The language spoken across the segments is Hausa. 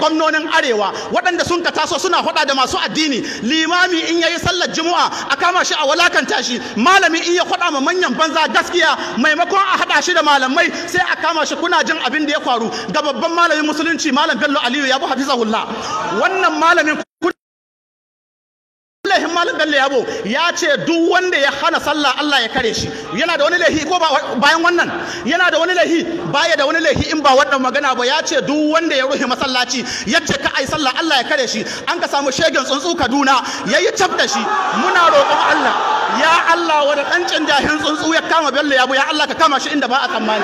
gwamnonin arewa waɗanda sun ka taso suna hada da masu addini limami in yayi sallar juma'a a kama shi a walakanta shi malami in ya hada ma manyan banza gaskiya maimakon a hada shi da malamai sai a kama shi kuna jin abin da ya faru ga babban malamin musulunci malam Bello Aliyu ya bu hafizahullah wannan malamin laifin malam dalle yabo ya ce duk wanda ya hana sallah Allah ya kare shi yana da wani lahi ko bayan wannan yana da wani lahi baya da wani lahi in ba wannan magana ba ya ce duk wanda ya ruhe masallaci ya ce ka ai sallah Allah ya kare shi an ka samu shegen tsuntsu Kaduna yayi tab shi muna roƙon Allah ya Allah wani ɗancin jahin tsuntsu ya kama bello ya bu ya Allah ka kama shi inda ba a tsammani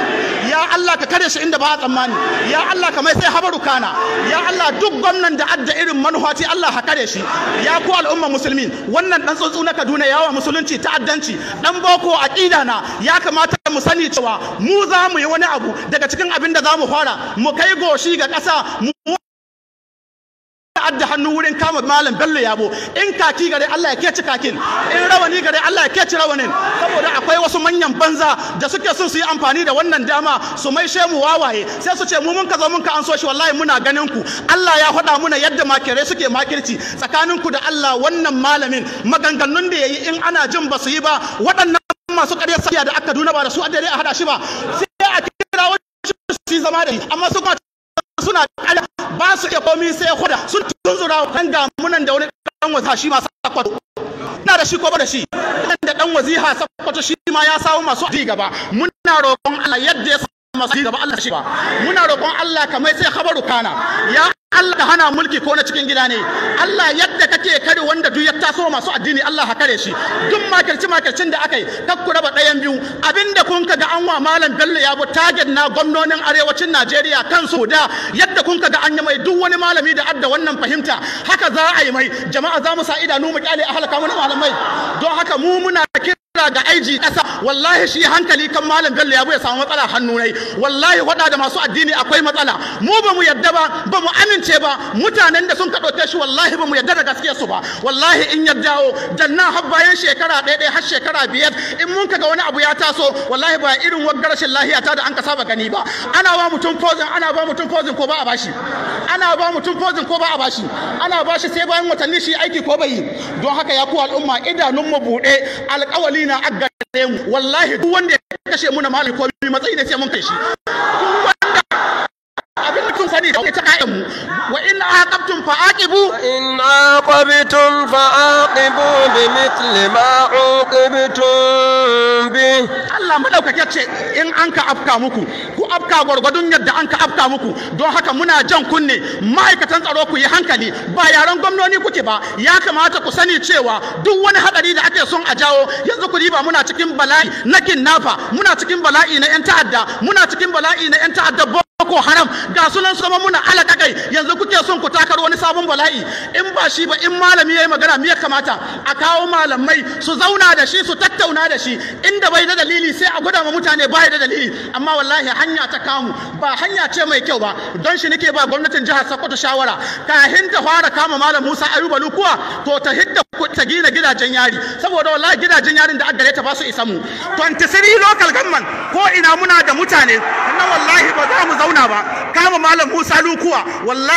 ya Allah ka kare shi inda ba a tsammani ya Allah ka mai sai habaru kana ya Allah duk gwamnan da adda irin manufaci Allah ha kare shi ya ku al'umma musulmi wannan ɗan tsuntsu na Kaduna yawa musulunci ta'addanci ɗan boko aqida na ya kamata mu sani cewa mu za mu yi wani abu daga cikin abin da za mu fara mu kai goshi ga ƙasa mu adda hannu wurin kama malam bello yabo in kaki gare Allah ya keci kakin in rawani gare Allah ya keci rawanin saboda akwai wasu manyan banza da suke son su yi amfani da wannan dama su mai mu wawaye sai su ce mu mun ka zo mun ka an so shi wallahi muna ganin ku Allah ya faɗa muna yadda makirai suke makirci tsakanin ku da Allah wannan malamin maganganun da yayi in ana jin ba su yi ba waɗannan masu ƙaryar sakiya da aka duna ba da su a a hada shi ba sai a kira wani su zama da shi amma su kuma suna ƙarya ba su iya komi sai huda sun tunzura kan gamunan da wani dan waziha shi ma sakwato ina da shi ko ba da shi da dan waziha sakwato shi ma ya samu masu ji gaba muna roƙon Allah yadda ya samu masu ji gaba Allah shi ba muna roƙon Allah kamar sai khabaru kana ya Allah hana mulki ko na cikin gida ne Allah yadda kake kare wanda duk ya taso masu addini Allah ha kare shi duk makirci makircin da aka yi kar raba ɗayan biyu abinda kun ka ga an wa malam Bello ya bu target na gwamnonin arewacin Najeriya kansu da yadda kun ka ga an yi mai duk wani malami da adda wannan fahimta haka za a yi mai jama'a za mu sa idanu mu kyale a halaka mu malamai don haka mu muna kira ga aiji ƙasa wallahi shi hankali kan malam bello ya ya samu matsala hannu nai wallahi wada da masu addini akwai matsala mu ba mu yadda ba ba mu amince ba mutanen da sun kaɗauke shi wallahi ba mu yadda da gaske su ba wallahi in ya dawo janna har bayan shekara ɗaya ɗaya har shekara biyar in mun kaga wani abu ya taso wallahi ba irin waggar rashin lahiya ta da an ka saba gani ba ana ba mutum fozin ana ba mutum fozin ko ba a bashi ana ba mutum fozin ko ba a bashi ana bashi sai bayan watanni shi aiki ko bai yi don haka ya ku al'umma idanun mu buɗe alƙawali matsayi na mu wallahi duk wanda ya kashe mu na mali ko bi matsayi ne sai mun kai shi duk wanda abin da sani da ta kayan mu wa in aqabtum fa aqibu wa in aqabtum fa فعاقبوا بمثل ما عوقبتم به Allah maɗaukaka ce in an ka afka muku ku afka gwargwadun yadda an ka afka muku don haka muna jan kunne ma'aikatan tsaro ku yi hankali ba yaren gwamnoni kuke ba ya kamata ku sani cewa duk wani hadari da ake son a jawo yanzu ku ba muna cikin bala'i na kinnafa muna cikin bala'i na yan ta'adda muna cikin bala'i na yan ta'adda ko haram ga sunan su muna alaka kai yanzu kuke son ku takar wani sabon bala'i in ba shi ba in malami yayi magana me ya kamata a kawo malamai su zauna da shi su tattauna da shi inda bai da dalili sai a gwada ma mutane bai da dalili amma wallahi hanya ta kamu ba hanya ce mai kyau ba don shi nake ba gwamnatin jihar Sokoto shawara kahin ta fara kama malam Musa Ayuba Lukuwa to ta hidda ta gina gidajen yari saboda wallahi gidajen yarin da aka gare ta ba su isa mu 23 local government ko ina muna da mutane na wallahi ba za mu zauna ba kama malam Musa Lukuwa wallahi